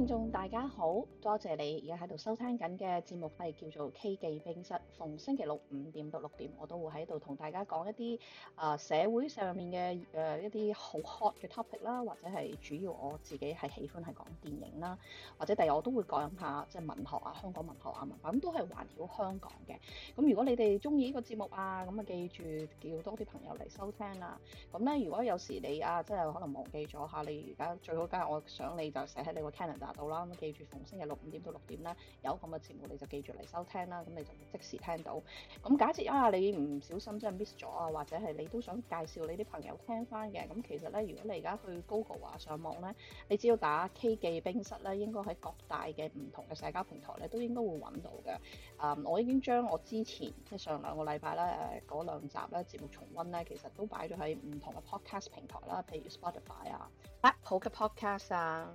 觀眾大家好，多謝你而家喺度收聽緊嘅節目係叫做 K 記冰室。逢星期六五點到六點，我都會喺度同大家講一啲啊、呃、社會上面嘅誒一啲好 hot 嘅 topic 啦，或者係主要我自己係喜歡係講電影啦，或者第日我都會講下即係、就是、文學啊，香港文學啊，文化，咁都係環繞香港嘅。咁如果你哋中意呢個節目啊，咁啊記住叫多啲朋友嚟收聽啦。咁咧，如果有時你啊即係可能忘記咗下，你而家最好梗係我想你就寫喺你個 calendar 到啦，咁記住逢星期六五點到六點咧，有咁嘅節目你就記住嚟收聽啦，咁你就會即時聽到。咁假設啊，你唔小心真係 miss 咗啊，或者係你都想介紹你啲朋友聽翻嘅，咁其實咧，如果你而家去 Google 啊上網咧，你只要打 K 記冰室咧，應該喺各大嘅唔同嘅社交平台咧，都應該會揾到嘅。啊、嗯，我已經將我之前即上兩個禮拜咧誒嗰兩集咧節目重温咧，其實都擺咗喺唔同嘅 podcast 平台啦，譬如 Spotify 啊、Apple 嘅 podcast 啊。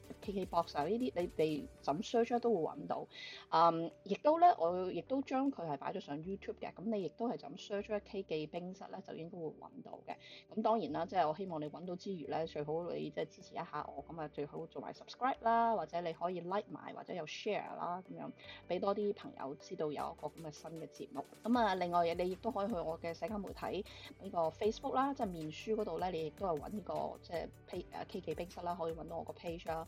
KK Box 呢啲你哋怎 search 都都會揾到。嗯，亦都咧，我亦都將佢係擺咗上 YouTube 嘅。咁你亦都係就咁 search K 記冰室咧，就應該會揾到嘅。咁當然啦，即係我希望你揾到之餘咧，最好你即係支持一下我。咁啊，最好做埋 subscribe 啦，或者你可以 like 埋，或者有 share 啦，咁樣俾多啲朋友知道有一個咁嘅新嘅節目。咁啊，另外嘢你亦都可以去我嘅社交媒體呢個 Facebook 啦，即係面書嗰度咧，你亦都係揾呢個即係 K 記冰室啦，可以揾到我個 page 啦。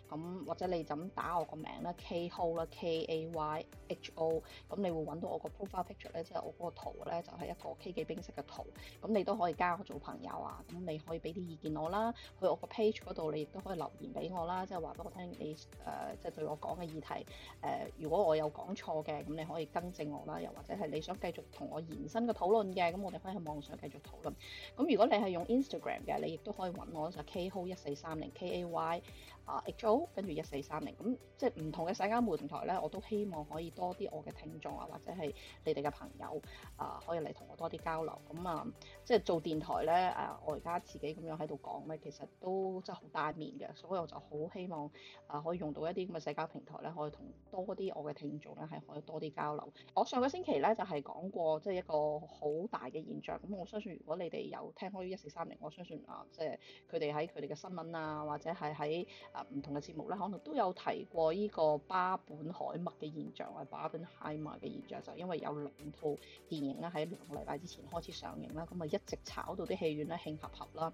咁或者你就打我個名咧 Kayho, k a、y、h o 啦，K A Y H O，咁你會揾到我個 profile picture 咧，即係我嗰個圖咧，就係一個 K 記冰室嘅圖。咁你都可以加我做朋友啊，咁你可以俾啲意見我啦，去我個 page 嗰度，你亦都可以留言俾我啦，即係話俾我聽你誒，即、呃、係、就是、對我講嘅議題。誒、呃，如果我有講錯嘅，咁你可以更正我啦，又或者係你想繼續同我延伸嘅討論嘅，咁我哋可以喺網上繼續討論。咁如果你係用 Instagram 嘅，你亦都可以揾我就是、Kayho 1430, k a、y、h o 一四三零 K A Y 啊 H O。跟住一四三零咁，即係唔同嘅社交平台咧，我都希望可以多啲我嘅聽眾啊，或者係你哋嘅朋友啊、呃，可以嚟同我多啲交流。咁啊，即係做電台咧，誒、呃，我而家自己咁樣喺度講咧，其實都真係好單面嘅，所以我就好希望啊、呃，可以用到一啲咁嘅社交平台咧，可以同多啲我嘅聽眾咧，係可以多啲交流。我上個星期咧就係、是、講過，即係一個好大嘅現象。咁我相信如果你哋有聽開一四三零，我相信啊、呃，即係佢哋喺佢哋嘅新聞啊，或者係喺啊唔同嘅。節目咧可能都有提過呢個巴本海默嘅現象，或者巴本海默嘅現象，就因為有兩套電影咧喺兩個禮拜之前開始上映啦，咁啊一直炒到啲戲院咧興合合啦。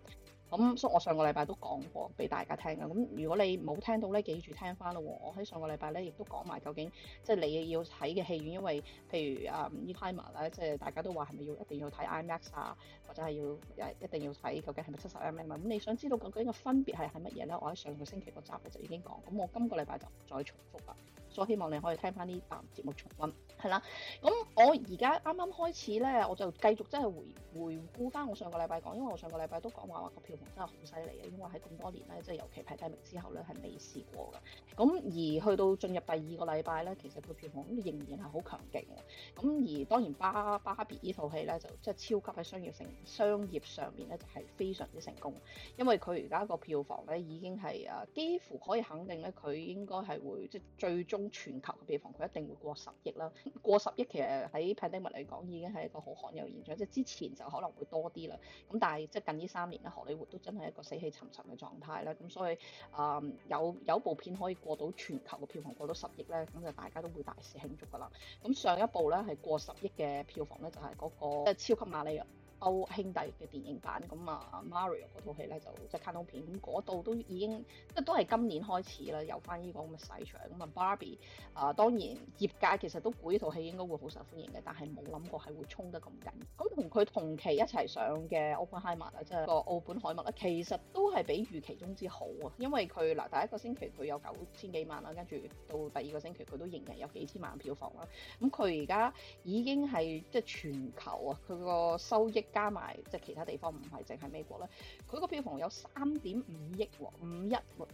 咁所以我上個禮拜都講過俾大家聽㗎，咁如果你冇聽到咧，記住聽翻咯喎。我喺上個禮拜咧亦都講埋究竟，即係你要睇嘅戲院，因為譬如啊，嗯《Eternal》咧，即係大家都話係咪要一定要睇 IMAX 啊，或者係要一一定要睇，究竟係咪七十 M m a，咁你想知道究竟嘅分別係係乜嘢咧？我喺上個星期個集我就已經講，咁我今個禮拜就再重複啦。我希望你可以聽翻呢啲節目重溫，係啦。咁我而家啱啱開始咧，我就繼續真係回回顧翻我上個禮拜講，因為我上個禮拜都講話話個票房真係好犀利啊！因為喺咁多年咧，即係尤其排第一名之後咧，係未試過嘅。咁而去到進入第二個禮拜咧，其實個票房仍然係好強勁嘅。咁而當然、Bar《芭比》呢套戲咧，就即係超級喺商業性商業上面咧，就係非常之成功，因為佢而家個票房咧已經係啊幾乎可以肯定咧，佢應該係會即係最終。全球嘅票房佢一定會過十億啦，過十億其實喺 pandemic 嚟講已經係一個好罕有現象，即係之前就可能會多啲啦。咁但係即係近呢三年咧，荷里活都真係一個死氣沉沉嘅狀態咧。咁所以啊、嗯，有有部片可以過到全球嘅票房過到十億咧，咁就大家都會大肆慶祝㗎啦。咁上一部咧係過十億嘅票房咧，就係、是、嗰、那個即係《超級瑪麗》。歐兄弟嘅電影版咁啊，Mario 嗰套戲咧就即係卡通片，咁嗰度都已經即都係今年開始啦，有翻呢個咁嘅細場咁啊。Barbie 啊、呃，當然業界其實都估呢套戲應該會好受歡迎嘅，但係冇諗過係會衝得咁緊。咁同佢同期一齊上嘅奧本海默啊，即係個奧本海默咧，其實都係比預期中之好啊，因為佢嗱第一個星期佢有九千幾萬啦，跟住到第二個星期佢都仍然有幾千萬票房啦。咁佢而家已經係即係全球啊，佢個收益。加埋即係其他地方唔係淨係美國啦。佢個票房有三點五億，五一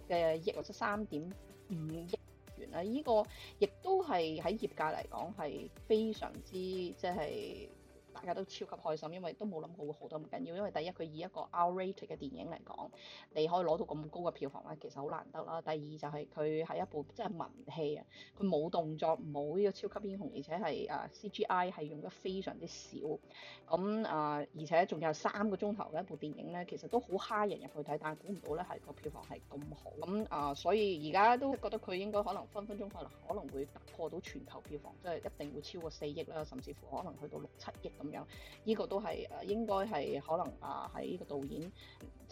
嘅億或者三點五億元啦，呢個亦都係喺業界嚟講係非常之即係。大家都超級開心，因為都冇諗過會好得咁緊要。因為第一，佢以一個 R-rated 嘅電影嚟講，你可以攞到咁高嘅票房咧，其實好難得啦。第二就係佢係一部真係文戲啊，佢冇動作，冇呢個超級英雄，而且係啊、uh, CGI 係用得非常之少。咁啊，uh, 而且仲有三個鐘頭嘅一部電影咧，其實都好蝦人入去睇，但係估唔到咧係個票房係咁好。咁啊，uh, 所以而家都覺得佢應該可能分分鐘可能可能會突破到全球票房，即係一定會超過四億啦，甚至乎可能去到六七億。咁樣，呢、這個都係誒，應該係可能啊，喺呢個導演。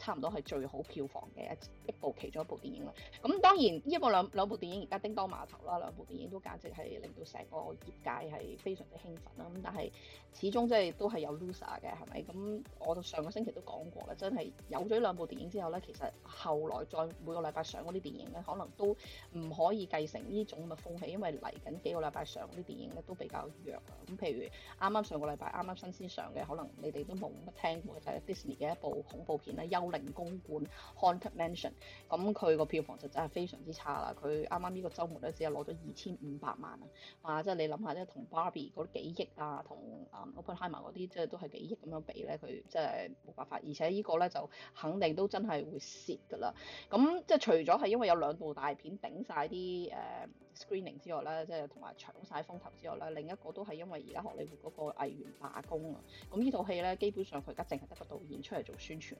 差唔多係最好票房嘅一一部其中一部電影啦。咁當然呢一部兩兩部電影而家《叮噹馬頭》啦，兩部電影都簡直係令到成個業界係非常之興奮啦。咁但係始終即係都係有 loser 嘅，係咪？咁我上個星期都講過啦，真係有咗兩部電影之後咧，其實後來再每個禮拜上嗰啲電影咧，可能都唔可以繼承呢種嘅風氣，因為嚟緊幾個禮拜上嗰啲電影咧都比較弱。咁譬如啱啱上個禮拜啱啱新鮮上嘅，可能你哋都冇乜聽過，就係、是、Disney 嘅一部恐怖片啦，零公館 Haunted Mansion，咁佢個票房就真係非常之差啦。佢啱啱呢個週末咧，只係攞咗二千五百萬啊！即係你諗下，即係同 Barbie 嗰幾億啊，同 Oppenheimer 嗰啲，即係都係幾億咁樣比咧，佢即係冇辦法。而且呢個咧就肯定都真係會蝕㗎啦。咁即係除咗係因為有兩部大片頂晒啲誒，呃 screening 之外咧，即係同埋搶晒風頭之外咧，另一個都係因為而家荷里活嗰個藝員罷工啊，咁呢套戲咧，基本上佢而家淨係得個導演出嚟做宣傳，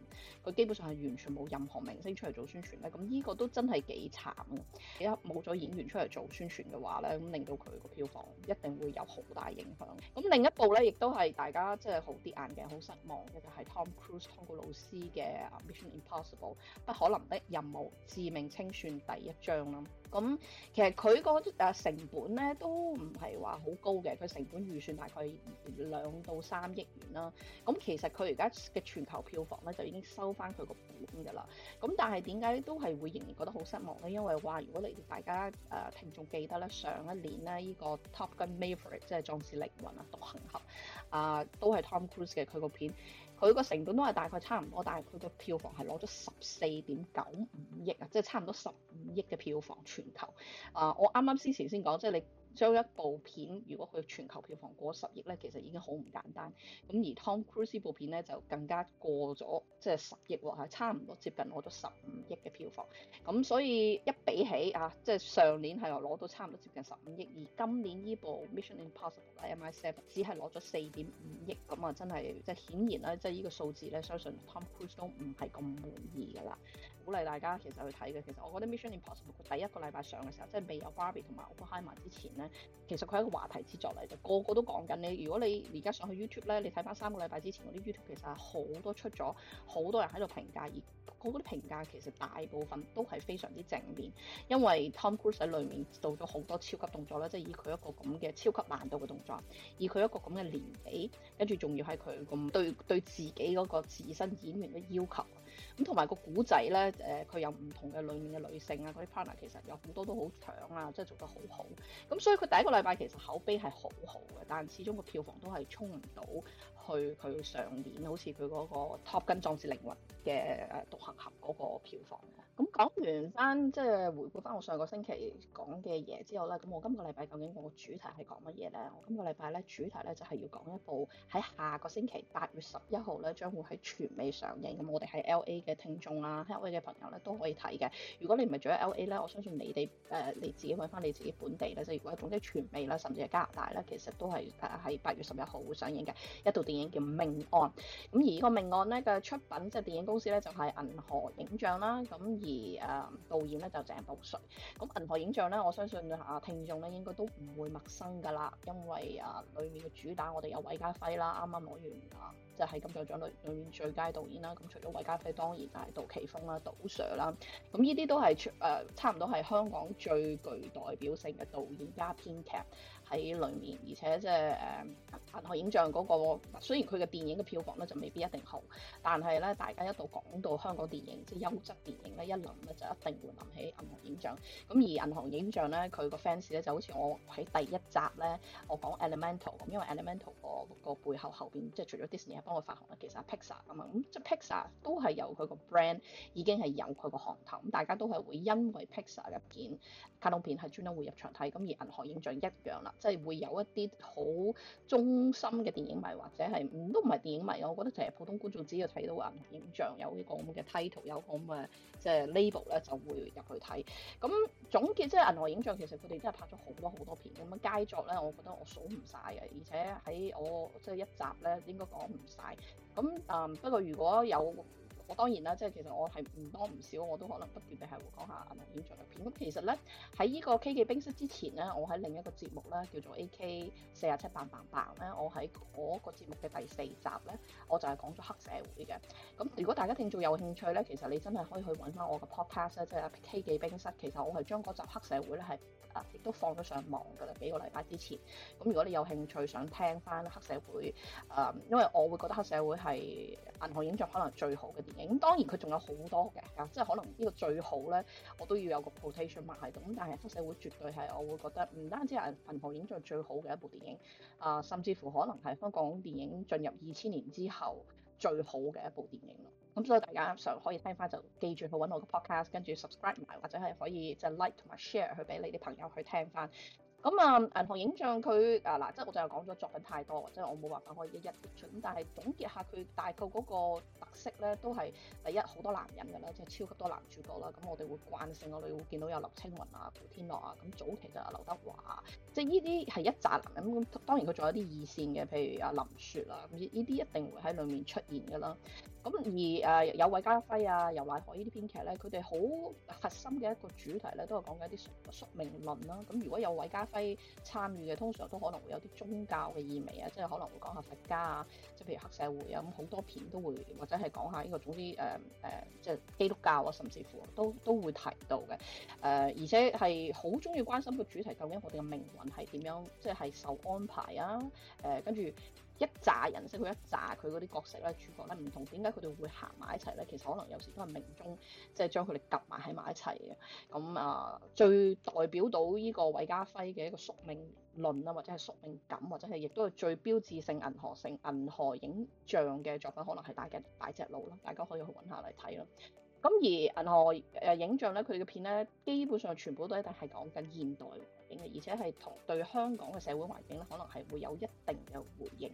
佢基本上係完全冇任何明星出嚟做宣傳咧，咁呢個都真係幾慘啊！而家冇咗演員出嚟做宣傳嘅話咧，咁令到佢個票房一定會有好大影響。咁另一部咧，亦都係大家即係跌眼鏡、好失望嘅就係、是、Tom Cruise 湯告魯斯嘅 Mission Impossible 不可能的任務致命清算第一章啦。咁、嗯、其實佢個誒成本咧都唔係話好高嘅，佢成本預算大概兩到三億元啦。咁、嗯、其實佢而家嘅全球票房咧就已經收翻佢個本㗎啦。咁、嗯、但係點解都係會仍然覺得好失望咧？因為哇，如果你大家誒、呃、聽眾記得咧，上一年咧呢、這個 Top Gun Maverick 即係《壯士凌雲》啊，《獨行俠》啊、呃，都係 Tom Cruise 嘅佢個片，佢個成本都係大概差唔多，但係佢個票房係攞咗十四點九五億啊，即係差唔多十。億嘅票房全球啊！我啱啱之前先講，即係你將一部片，如果佢全球票房過十億咧，其實已經好唔簡單。咁而 Tom Cruise 部片咧就更加過咗即係十億喎，差唔多接近攞咗十五億嘅票房。咁、嗯、所以一比起啊，即係上年係攞到差唔多接近十五億，而今年呢部 Mission Impossible：MI7 只係攞咗四點五億，咁啊真係即係顯然咧，即係呢個數字咧，相信 Tom Cruise 都唔係咁滿意噶啦。例大家其實去睇嘅，其實我覺得 Mission Impossible 第一個禮拜上嘅時候，即係未有 Barbie 同埋 Oppenheimer 之前咧，其實佢係一個話題之作嚟啫，個個都講緊你。如果你而家上去 YouTube 咧，你睇翻三個禮拜之前嗰啲 YouTube，其實係好多出咗，好多人喺度評價，而嗰啲評價其實大部分都係非常之正面，因為 Tom Cruise 裏面做咗好多超級動作啦，即係以佢一個咁嘅超級難度嘅動作，以佢一個咁嘅年紀，跟住仲要係佢咁對對自己嗰個自身演員嘅要求。咁、呃、同埋個古仔咧，誒佢有唔同嘅類型嘅女性啊，嗰啲 partner 其實有好多都好搶啊，即係做得好好。咁所以佢第一個禮拜其實口碑係好好嘅，但係始終個票房都係衝唔到去佢上年好似佢嗰個 top《Top Gun 壯志凌雲》嘅、呃、誒《獨行俠》嗰個票房。咁講完翻，即係回顧翻我上個星期講嘅嘢之後呢。咁我今個禮拜究竟我個主題係講乜嘢呢？我今個禮拜咧主題呢就係要講一部喺下個星期八月十一號咧將會喺全美上映。咁我哋喺 L A 嘅聽眾啦，L A 嘅朋友咧都可以睇嘅。如果你唔係住喺 L A 咧，我相信你哋、呃、你自己揾翻你自己本地咧，即係如果喺全即係全美啦，甚至係加拿大咧，其實都係誒喺八月十一號會上映嘅。一部電影叫《命案》。咁而呢個命案咧嘅出品即係電影公司咧就係銀河映像啦。而誒導演咧就鄭保瑞。咁銀河映像咧，我相信啊聽眾咧應該都唔會陌生噶啦，因為啊裡面嘅主打我哋有韋家輝啦，啱啱攞完啊，就係金像獎裏裏面最佳導演啦。咁除咗韋家輝，當然就係杜琪峯啦、杜 Sir 啦，咁呢啲都係誒、呃、差唔多係香港最具代表性嘅導演加編劇。喺裏面，而且即係誒銀河映像嗰、那個，雖然佢嘅電影嘅票房咧就未必一定好，但係咧大家一度講到香港電影，即係優質電影咧，一諗咧就一定會諗起銀河映像。咁而銀河映像咧，佢個 fans 咧就好似我喺第一集咧，我講 Elemental 咁，因為 Elemental 個、那個背後後邊即係除咗 Disney 係幫佢發行啦，其實 Pixar 啊嘛，咁即係 Pixar 都係有佢個 brand 已經係有佢個行頭，咁大家都係會因為 Pixar 入邊卡通片係專登會入場睇，咁而銀河影像一樣啦，即係會有一啲好忠心嘅電影迷，或者係唔都唔係電影迷，我覺得就係普通觀眾只要睇到銀河影像有呢個咁嘅 title，有咁嘅即係 label 咧，就會入去睇。咁總結即係銀河影像其實佢哋真係拍咗好多好多片，咁樣佳作咧，我覺得我數唔晒嘅，而且喺我即係一集咧應該講唔晒。咁啊不過如果有。我當然啦，即係其實我係唔多唔少，我都可能不斷地係會講下銀河映像嘅片。咁其實咧喺呢個 K 記冰室之前咧，我喺另一個節目咧叫做 A K 四廿七棒棒棒咧，我喺嗰個節目嘅第四集咧，我就係講咗黑社會嘅。咁如果大家聽眾有興趣咧，其實你真係可以去揾翻我個 podcast 即係 K 記冰室。其實我係將嗰集黑社會咧係誒亦都放咗上網㗎啦，幾個禮拜之前。咁如果你有興趣想聽翻黑社會誒、嗯，因為我會覺得黑社會係銀河映像可能最好嘅電影。咁當然佢仲有好多嘅，即係可能呢個最好咧，我都要有個 potential 埋喺度。咁但係《黑社會》絕對係我會覺得唔單止係銀河映像最最好嘅一部電影，啊、呃，甚至乎可能係香港電影進入二千年之後最好嘅一部電影。咁所以大家常可以聽翻就記住去揾我個 podcast，跟住 subscribe 埋或者係可以即係 like 同埋 share 去俾你啲朋友去聽翻。咁啊、嗯，銀行影像佢啊嗱，即係我就係講咗作品太多，即係我冇辦法可以一一列出。咁但係總結下佢大約嗰個特色咧，都係第一好多男人嘅咧，即係超級多男主角啦。咁我哋會慣性我哋會見到有劉青雲啊、古天樂啊。咁早期就劉德華、啊，即係呢啲係一紮男人。咁當然佢仲有啲二線嘅，譬如阿林雪啦、啊，咁呢啲一定會喺裏面出現嘅啦。咁而誒有韋家輝啊、游乃海呢啲編劇咧，佢哋好核心嘅一個主題咧，都係講緊一啲宿命論啦、啊。咁如果有韋家輝參與嘅，通常都可能會有啲宗教嘅意味啊，即係可能會講下佛家啊，即係譬如黑社會啊，咁好多片都會或者係講下呢個總之誒誒、呃，即係基督教啊，甚至乎都都會提到嘅。誒、呃、而且係好鍾意關心個主題，究竟我哋嘅命運係點樣？即係係受安排啊？誒跟住。一紮人識佢一紮，佢嗰啲角色咧、主角咧唔同，點解佢哋會行埋一齊咧？其實可能有時都係命中，即係將佢哋夾埋喺埋一齊嘅。咁啊、呃，最代表到呢個韋家輝嘅一個宿命論啊，或者係宿命感，或者係亦都係最標誌性銀河性銀河影像嘅作品，可能係《大嘅大隻佬》啦，大家可以去揾下嚟睇咯。咁而銀河誒影像咧，佢哋嘅片咧，基本上全部都一定係講緊現代。而且係同對香港嘅社會環境咧，可能係會有一定嘅回應。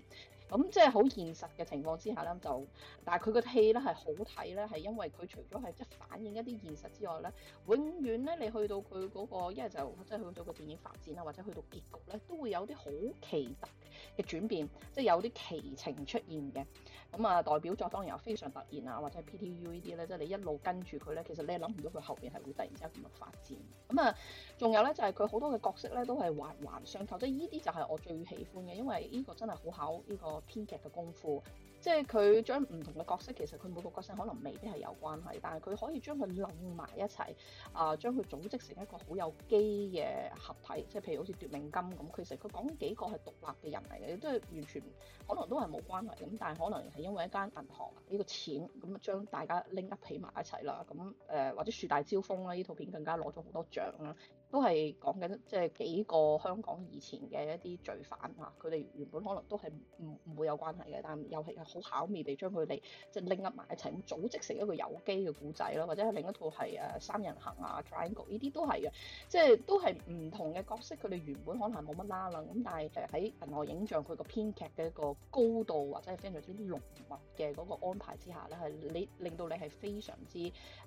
咁即係好現實嘅情況之下咧，就但係佢個戲咧係好睇咧，係因為佢除咗係即係反映一啲現實之外咧，永遠咧你去到佢嗰個一係就即係去到個電影發展啊，或者去到結局咧，都會有啲好奇特嘅轉變，即係有啲奇情出現嘅。咁啊，代表作當然又非常突然啊，或者係 PTU 呢啲咧，即係你一路跟住佢咧，其實你係諗唔到佢後邊係會突然之間點樣發展。咁啊，仲有咧就係佢好多嘅角色咧都係環環相扣，即係呢啲就係我最喜歡嘅，因為呢個真係好考呢個。偏激嘅功夫。即係佢將唔同嘅角色，其實佢每個角色可能未必係有關係，但係佢可以將佢撚埋一齊，啊、呃，將佢組織成一個好有機嘅合體。即係譬如好似奪命金咁，其實佢講幾個係獨立嘅人嚟嘅，都係完全可能都係冇關係咁。但係可能係因為一間銀行呢、這個錢，咁將大家拎一起埋一齊啦。咁、呃、誒或者樹大招風啦，呢套片更加攞咗好多獎啦，都係講緊即係幾個香港以前嘅一啲罪犯啊，佢哋原本可能都係唔唔會有關係嘅，但係尤其係。好巧妙地將佢哋就拎入埋一齊，組織成一個有機嘅故仔咯，或者係另一套係誒三人行啊、Triangle 呢啲都係嘅，即係都係唔同嘅角色，佢哋原本可能係冇乜啦楞咁，但係喺銀河映像佢個編劇嘅一個高度或者係非常之濃密嘅嗰個安排之下咧，係你令到你係非常之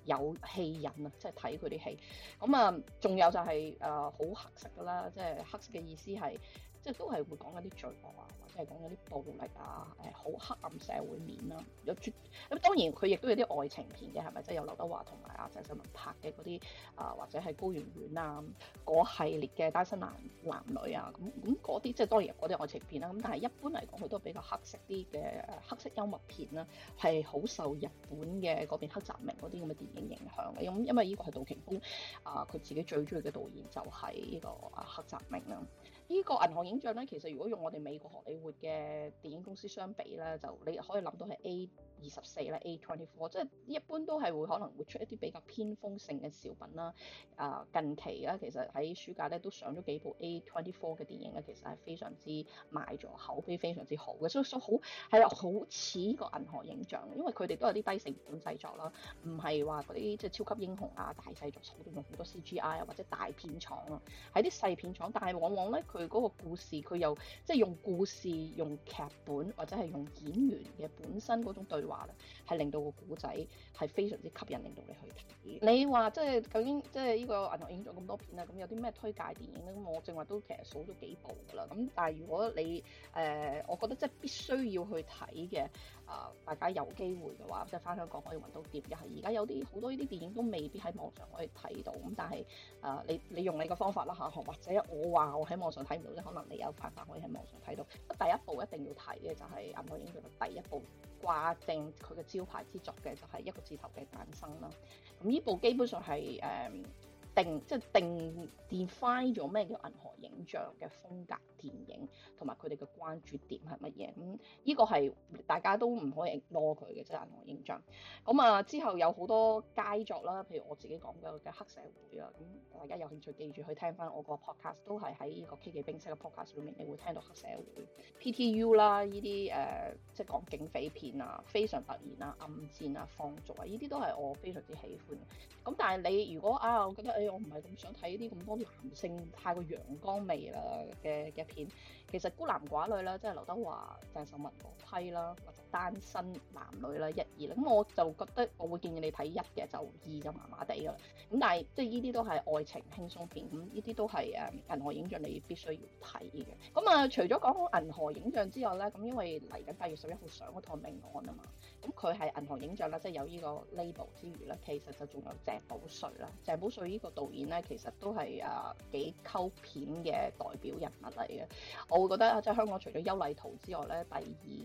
有戲癮啊！即係睇佢啲戲，咁啊，仲有就係誒好黑色㗎啦，即係黑色嘅意思係，即係都係會講緊啲罪惡啊。講咗啲暴力啊，誒，好黑暗社會面啦，啊，有絕咁當然佢亦都有啲愛情片嘅，係咪？即係有劉德華同埋阿鄭秀文拍嘅嗰啲啊，或者係高圓圓啊嗰系列嘅單身男男女啊，咁咁嗰啲即係當然嗰啲愛情片啦，啊。咁但係一般嚟講，佢都係比較黑色啲嘅黑色幽默片啦，啊，係好受日本嘅嗰邊黑澤明嗰啲咁嘅電影影響嘅。咁因爲呢個係杜琪峯啊，佢、呃、自己最中意嘅導演就係呢、呢個阿、啊、黑澤明啦。呢個銀河映像呢，其實如果用我哋美國荷里活嘅電影公司相比呢，就你可以諗到係 A。二十四咧，A twenty four，即係一般都係會可能會出一啲比較偏鋒性嘅小品啦。啊、呃，近期啊，其實喺暑假咧都上咗幾部 A twenty four 嘅電影咧，其實係非常之賣座，口碑非常之好嘅，所以所以好係啊，好似呢個銀河影像，因為佢哋都有啲低成本製作啦，唔係話啲即係超級英雄啊大製作，成日用好多 C G I 啊或者大片廠啊，喺啲細片廠，但係往往咧佢個故事佢又即係用故事、用劇本或者係用演員嘅本身嗰種對話。話咧，係令到個古仔係非常之吸引，令到你去睇。你話即係究竟即係呢個銀河影咗咁多片啊？咁有啲咩推介電影咧？咁我正話都其實數咗幾部㗎喇。咁但係如果你誒、呃，我覺得即係必須要去睇嘅。啊、呃！大家有機會嘅話，即係返香港可以揾到碟。又係而家有啲好多呢啲電影都未必喺網上可以睇到。咁但係啊、呃，你你用你嘅方法啦嚇、啊，或者我話我喺網上睇唔到，即可能你有辦法可以喺網上睇到。第一部一定要睇嘅就係、是銀河映像第一部，掛正佢嘅招牌之作嘅就係、是、一個字頭嘅誕生啦。咁呢部基本上係誒。嗯定即係定 define 咗咩叫銀河映像嘅風格電影，同埋佢哋嘅關注點係乜嘢？咁、嗯、呢、這個係大家都唔可以 ignore 佢嘅，即係銀河映像。咁、嗯、啊之後有好多佳作啦，譬如我自己講嘅嘅黑社會啊，咁、嗯、大家有興趣記住去聽翻我個 podcast，都係喺呢個 K 記冰室嘅 podcast 裏面，你會聽到黑社會 PTU 啦，呢啲誒即係講警匪片啊、非常突然啊、暗戰啊、放逐啊，呢啲都係我非常之喜歡，咁、嗯、但係你如果啊、哎，我覺得。我唔係咁想睇啲咁多男性太過陽剛味啦嘅嘅片，其實孤男寡女啦，即係劉德華鄭秀文嗰批啦。單身男女啦，一二啦，咁我就覺得我會建議你睇一嘅，就二就麻麻地噶啦。咁但係即係呢啲都係愛情輕鬆片，咁呢啲都係誒銀河映像你必須要睇嘅。咁啊，除咗講銀河映像之外咧，咁因為嚟緊八月十一號上嗰套命案啊嘛，咁佢係銀河映像啦，即係有呢個 label 之餘咧，其實就仲有鄭保瑞啦。鄭保瑞呢個導演咧，其實都係誒幾溝片嘅代表人物嚟嘅。我會覺得即係香港除咗邱禮濤之外咧，第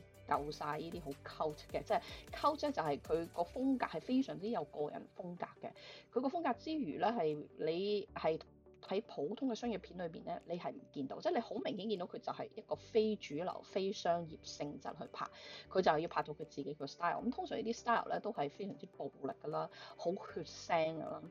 二。夠晒呢啲好 cult 嘅，即係 cult 咧，就係佢個風格係非常之有個人風格嘅，佢個風格之餘呢，係你係。喺普通嘅商業片裏邊咧，你係唔見到，即係你好明顯見到佢就係一個非主流、非商業性質去拍，佢就係要拍到佢自己嘅 style。咁通常呢啲 style 咧都係非常之暴力噶啦，好血腥噶啦，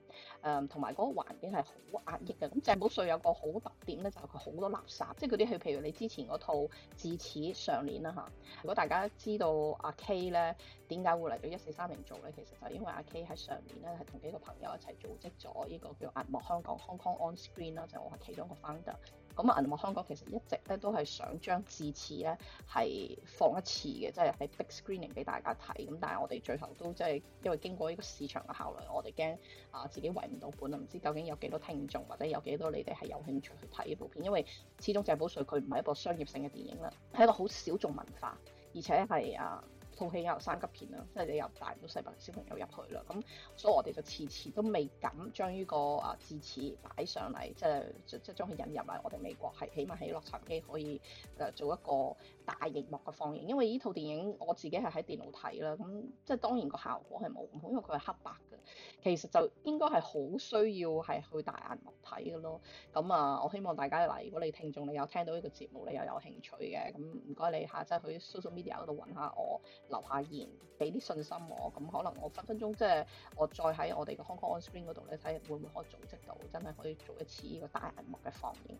誒同埋嗰個環境係好壓抑嘅。咁、嗯、鄭保瑞有個好特點咧，就係佢好多垃圾，即係嗰啲係譬如你之前嗰套《自此上年》啦嚇。如果大家知道阿 K 咧點解會嚟到一四三零做咧，其實就係因為阿 K 喺上年咧係同幾個朋友一齊組織咗呢個叫《壓莫香港》（Hong Kong On）。screen 啦，就我係其中一個 founder、嗯。咁啊，銀幕香港其實一直咧都係想將字次咧係放一次嘅，即係喺 big screening 俾大家睇。咁但係我哋最後都即係因為經過呢個市場嘅考慮，我哋驚啊自己圍唔到本啊，唔知究竟有幾多聽眾或者有幾多你哋係有興趣去睇呢部片，因為始終《鄭保瑞》佢唔係一部商業性嘅電影啦，係一個好小眾文化，而且係啊。套戲又三級片啦，即係你又帶唔到細朋小朋友入去啦，咁所以我哋就遲遲都未敢將呢、這個啊字詞擺上嚟，即係即即將佢引入嚟我哋美國係起碼喺洛杉磯可以誒做一個大熒幕嘅放映，因為呢套電影我自己係喺電腦睇啦，咁即係當然個效果係冇咁好，因為佢係黑白嘅，其實就應該係好需要係去大熒幕睇嘅咯。咁啊，我希望大家嗱，如果你聽眾你有聽到呢個節目，你又有，有興趣嘅，咁唔該你下，即係去 social media 嗰度揾下我。留下言，俾啲信心我，咁、嗯、可能我分分鐘即係我再喺我哋嘅 Hong Kong On Screen 嗰度咧睇，看會唔會可以組織到真係可以做一次呢個大銀幕嘅放映？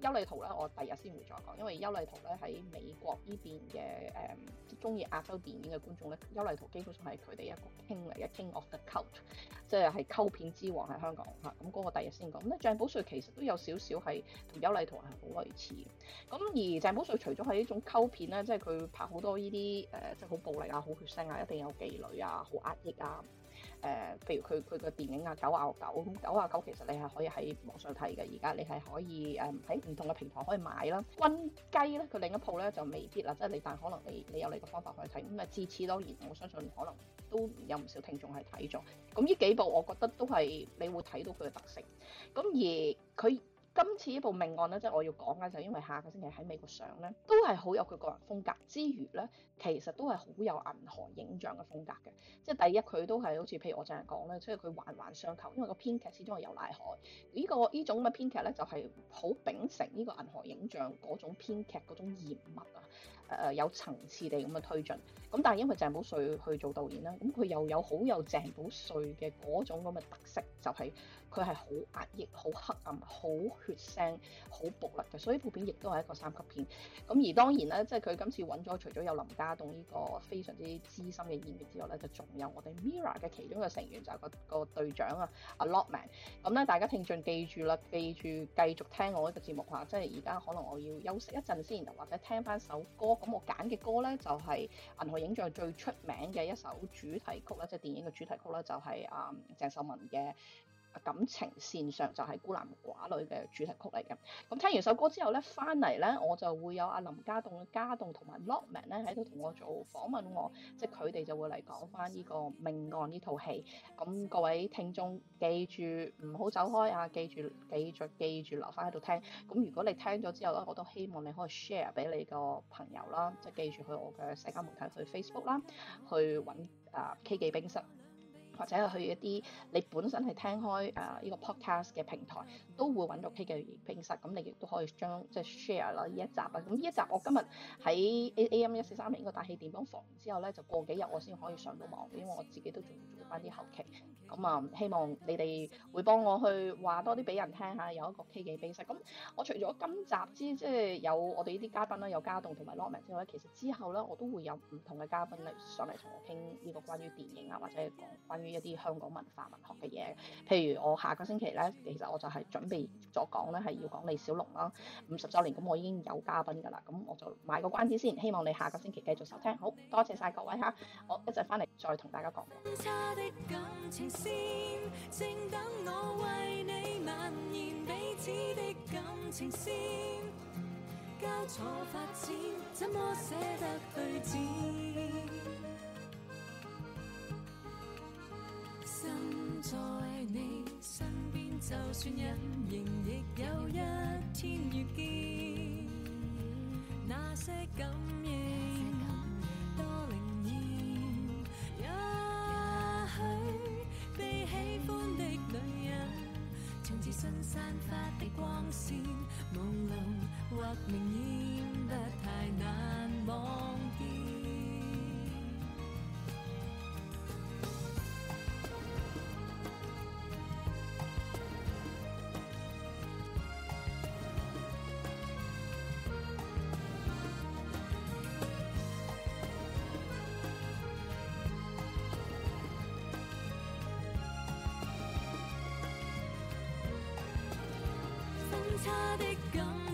邱禮濤咧，我第日先會再講，因為邱禮濤咧喺美國呢邊嘅誒，中意亞洲電影嘅觀眾咧，邱禮濤基本上係佢哋一個 king 嚟，一 king of the cult，即係係溝片之王喺香港嚇。咁、嗯、嗰、那個第日先講咁咧。鄭、嗯、保瑞其實都有少少係同邱禮濤係好類似。咁而鄭保瑞除咗係呢種溝片咧，即係佢拍好多呢啲誒，即係好暴力啊、好血腥啊、一定有妓女啊、好壓抑啊。誒，譬、呃、如佢佢個電影啊，九啊九，咁九啊九其實你係可以喺網上睇嘅，而家你係可以誒喺唔同嘅平台可以買啦。呢《軍雞》咧，佢另一部咧就未必啦，即係你，但可能你你有你嘅方法可以睇。咁啊，至此當然，我相信可能都有唔少聽眾係睇咗。咁呢幾部我覺得都係你會睇到佢嘅特色。咁而佢。今次呢部命案咧，即係我要講咧，就因為下個星期喺美國上咧，都係好有佢個人風格之餘咧，其實都係好有銀河映像嘅風格嘅。即係第一，佢都係好似譬如我淨係講咧，即係佢環環相扣，因為個編劇始終係游乃海。呢、這個呢種嘅編劇咧，就係、是、好秉承呢個銀河映像嗰種編劇嗰種嚴密啊，誒、呃、有層次地咁嘅推進。咁但係因為鄭保瑞去做導演啦，咁佢又有好有鄭保瑞嘅嗰種咁嘅特色，就係佢係好壓抑、好黑暗、好血好暴力嘅，所以部片亦都係一個三級片。咁而當然咧，即係佢今次揾咗除咗有林家棟呢個非常之資深嘅演員之外咧，就仲有我哋 Mirror 嘅其中嘅成員就係個個隊長啊，啊 Lokman。咁咧，大家聽盡記住啦，記住繼續聽我呢個節目啦。即係而家可能我要休息一陣先，或者聽翻首歌。咁我揀嘅歌咧就係銀河映像最出名嘅一首主題曲咧，即係電影嘅主題曲咧、就是，就係啊鄭秀文嘅。感情線上就係孤男寡女嘅主題曲嚟嘅，咁聽完首歌之後咧，翻嚟咧我就會有阿林家棟、家棟同埋 Lokman 咧喺度同我做訪問我，即係佢哋就會嚟講翻呢個命案呢套戲。咁各位聽眾記住唔好走開啊，記住記住記住留翻喺度聽。咁如果你聽咗之後咧，我都希望你可以 share 俾你個朋友啦，即係記住去我嘅社交媒體去 Facebook 啦，去揾啊 K 記冰室。或者去一啲你本身係聽開誒呢、uh, 個 podcast 嘅平台。都會揾到 K 記冰室，咁你亦都可以將即係 share 啦，依一集啊。咁依一集我今日喺 AM 一四三零個大氣電影房之後咧，就過幾日我先可以上到網，因為我自己都仲做翻啲後期。咁啊，希望你哋會幫我去話多啲俾人聽下有一個 K 記冰室。咁我除咗今集之即係有我哋呢啲嘉賓啦，有家棟同埋 Lokman 之外，其實之後咧我都會有唔同嘅嘉賓嚟上嚟同我傾呢個關於電影啊，或者講關於一啲香港文化文學嘅嘢。譬如我下個星期咧，其實我就係準。未再講啦，係要講李小龍啦，五十週年，咁我已經有嘉賓噶啦，咁我就買個關子先，希望你下個星期繼續收聽，好多謝晒各位嚇，我一陣翻嚟再同大家講。差的感情線就算隱形，亦有一天遇見。那些感應，多靈驗。也許被喜歡的女人，從自信散發的光線，朦朧或明豔，不太難望見。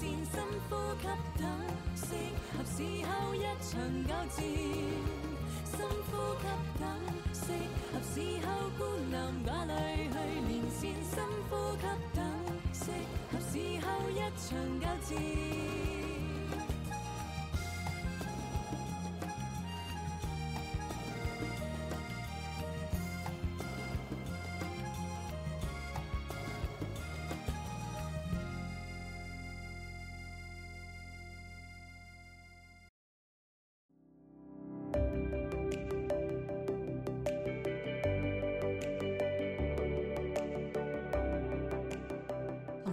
深呼吸等，等適合時候一場交戰。深呼吸等，等適合時候孤男寡女去連線。深呼吸等，等適合時候一場交戰。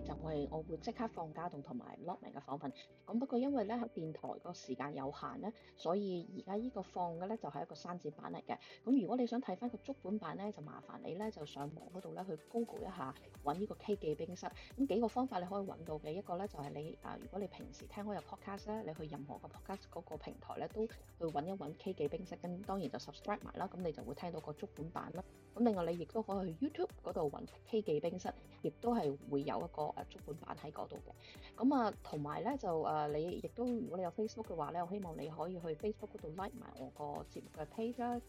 就我係我會即刻放家棟同同埋 Lokman 嘅訪問，咁不過因為咧喺電台個時間有限咧，所以而家呢個放嘅咧就係一個刪字版嚟嘅。咁如果你想睇翻個足本版咧，就麻煩你咧就上網嗰度咧去 Google 一下，揾呢個 K 記冰室。咁幾個方法你可以揾到嘅，一個咧就係你啊，如果你平時聽開有 podcast 咧，你去任何個 podcast 嗰個平台咧都去揾一揾 K 記冰室。咁當然就 subscribe 埋啦，咁你就會聽到個足本版啦。咁另外你亦都可以去 YouTube 嗰度揾 K 記冰室，亦都係會有一個。足本版喺嗰度嘅，咁啊，同埋咧就誒、呃，你亦都如果你有 Facebook 嘅話咧，我希望你可以去 Facebook 度 like 埋我個節目嘅 page，page 誒、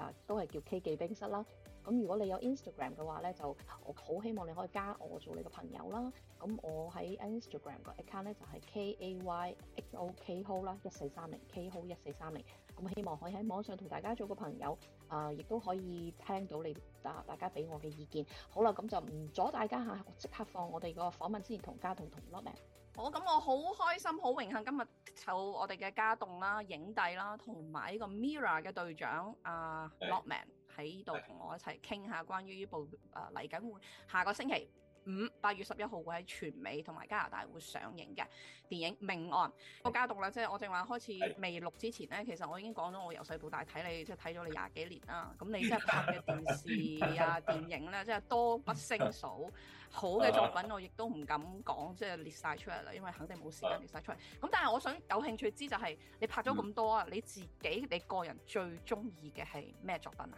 啊、都係叫 K 記冰室啦。咁如果你有 Instagram 嘅話咧，就我好希望你可以加我做你嘅朋友啦。咁我喺 Instagram 個 account 咧就係、是、KAYHO KHO 啦，一四三零 KHO 一四三零。Y H o k H o。希望可以喺網上同大家做個朋友，啊、呃，亦都可以聽到你大大家俾我嘅意見。好啦，咁就唔阻大家嚇，即刻放我哋個訪問先，同家棟同 Lokman、ok。我咁我好開心，好榮幸今日就我哋嘅家棟啦、影帝啦，同埋呢個 Mirror 嘅隊長啊 Lokman 喺度同我一齊傾下關於呢部啊嚟緊會下個星期。五八月十一號會喺全美同埋加拿大會上映嘅電影《命案》。嗯、我家讀啦，即係我正話開始未錄之前咧，其實我已經講咗我由細到大睇你，即係睇咗你廿幾年啦。咁你即係拍嘅電視啊、 電影咧，即係多不勝數。好嘅作品我亦都唔敢講，即係列晒出嚟啦，因為肯定冇時間列晒出嚟。咁但係我想有興趣知就係你拍咗咁多啊，嗯、你自己你個人最鍾意嘅係咩作品啊？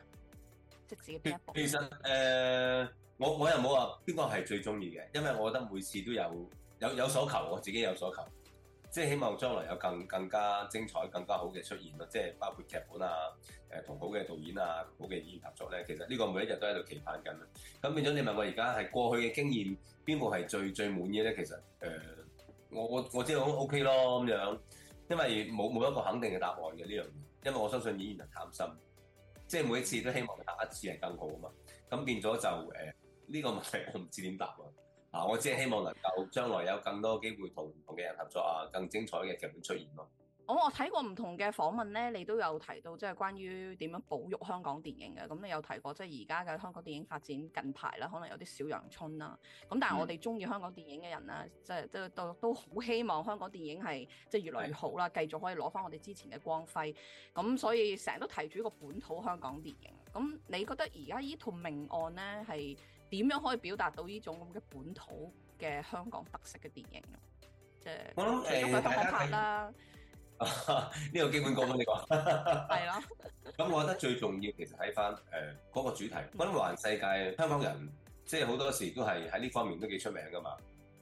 其實誒，我我又冇話邊個係最中意嘅，因為我覺得每次都有有有所求，我自己有所求，即係希望將來有更更加精彩、更加好嘅出現咯。即係包括劇本啊，誒、呃、同好嘅導演啊、好嘅演員合作咧，其實呢個每一日都喺度期盼緊。咁變咗你問我而家係過去嘅經驗，邊部係最最滿意咧？其實誒、呃，我我我知道 OK 咯咁樣，因為冇冇一個肯定嘅答案嘅呢樣嘢，因為我相信演員係貪心。即係每一次都希望下一次係更好啊嘛，咁變咗就誒呢、呃呢個問題我唔知點答啊，我只係希望能夠將來有更多機會同唔同嘅人合作啊，更精彩嘅劇本出現咯。哦、我睇過唔同嘅訪問咧，你都有提到即係關於點樣保育香港電影嘅。咁你有提過即係而家嘅香港電影發展近排啦，可能有啲小陽春啦。咁但係我哋中意香港電影嘅人啦，嗯、即係都都都好希望香港電影係即係越嚟越好啦，繼續可以攞翻我哋之前嘅光輝。咁所以成日都提住個本土香港電影。咁你覺得而家依套命案咧係點樣可以表達到依種嘅本土嘅香港特色嘅電影，即係我諗，誒喺香港拍啦。 呢 個基本講法，呢個係咯。咁 是的 我覺得最重要其實睇翻誒嗰個主題。我諗華人世界香港人即係好多時都係喺呢方面都幾出名噶嘛。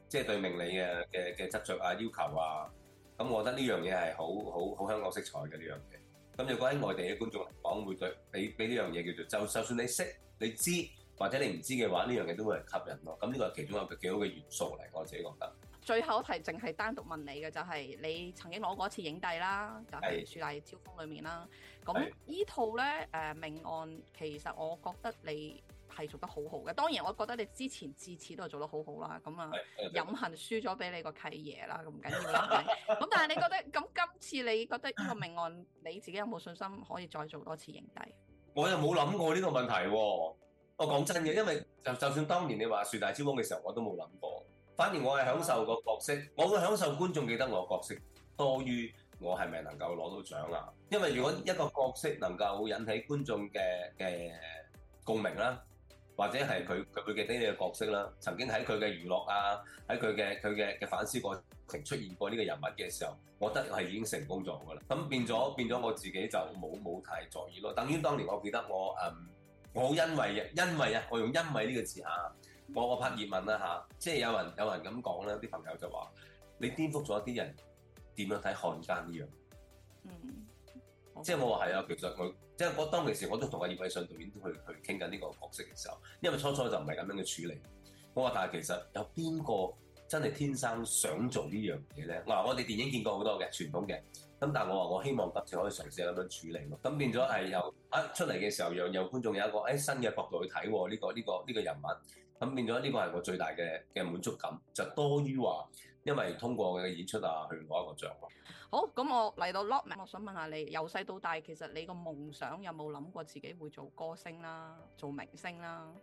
即係對命理嘅嘅嘅執着啊、要求啊，咁我覺得呢樣嘢係好好好香港色彩嘅呢樣嘢。咁就講喺外地嘅觀眾嚟講，會對俾俾呢樣嘢叫做就，就算你識你知或者你唔知嘅話，呢樣嘢都會係吸引咯、啊。咁呢個係其中一個幾好嘅元素嚟，我自己覺得。最後一題，淨係單獨問你嘅就係、是，你曾經攞過一次影帝啦，就係《樹大招風》裏面啦。咁依那是套咧，誒、呃、命案其實我覺得你係做得好好嘅。當然，我覺得你之前至此都係做得好好啦。咁、嗯、啊，飲恨輸咗俾你個契爺啦，咁緊要嘅。咁但係你覺得，咁 今次你覺得呢個命案，你自己有冇信心可以再做多次影帝？我又冇諗過呢個問題喎。我講真嘅，因為就就算當年你話《樹大招風》嘅時候，我都冇諗過。反而我係享受個角色，我會享受觀眾記得我角色多於我係咪能夠攞到獎啊。因為如果一個角色能夠引起觀眾嘅嘅共鳴啦，或者係佢佢佢記得起呢個角色啦，曾經喺佢嘅娛樂啊，喺佢嘅佢嘅嘅反思過程出現過呢個人物嘅時候，我覺得係已經成功咗㗎啦。咁變咗變咗，我自己就冇冇太在意咯。等於當年我記得我誒、嗯，我因為因為啊，我用因為呢個字嚇。我我拍葉問啦吓，即係有人有人咁講啦。啲朋友就話你顛覆咗一啲人點樣睇漢奸呢樣？嗯，即係我話係啊，其實佢。即係我當其時我都同阿葉偉信導演去去傾緊呢個角色嘅時候，因為初初就唔係咁樣嘅處理。我話，但係其實有邊個真係天生想做呢樣嘢咧？嗱，我哋電影見過好多嘅傳統嘅，咁但係我話我希望不斷可以嘗試咁樣處理咯。咁變咗係由啊出嚟嘅時候，讓有觀眾有一個誒新嘅角度去睇呢個呢個呢個呢個人物。咁變咗呢個係我最大嘅嘅滿足感，就多於話，因為通過我嘅演出啊，去攞一個獎。好，咁我嚟到 Lokman 我想問下你，由細到大其實你個夢想有冇諗過自己會做歌星啦，做明星啦？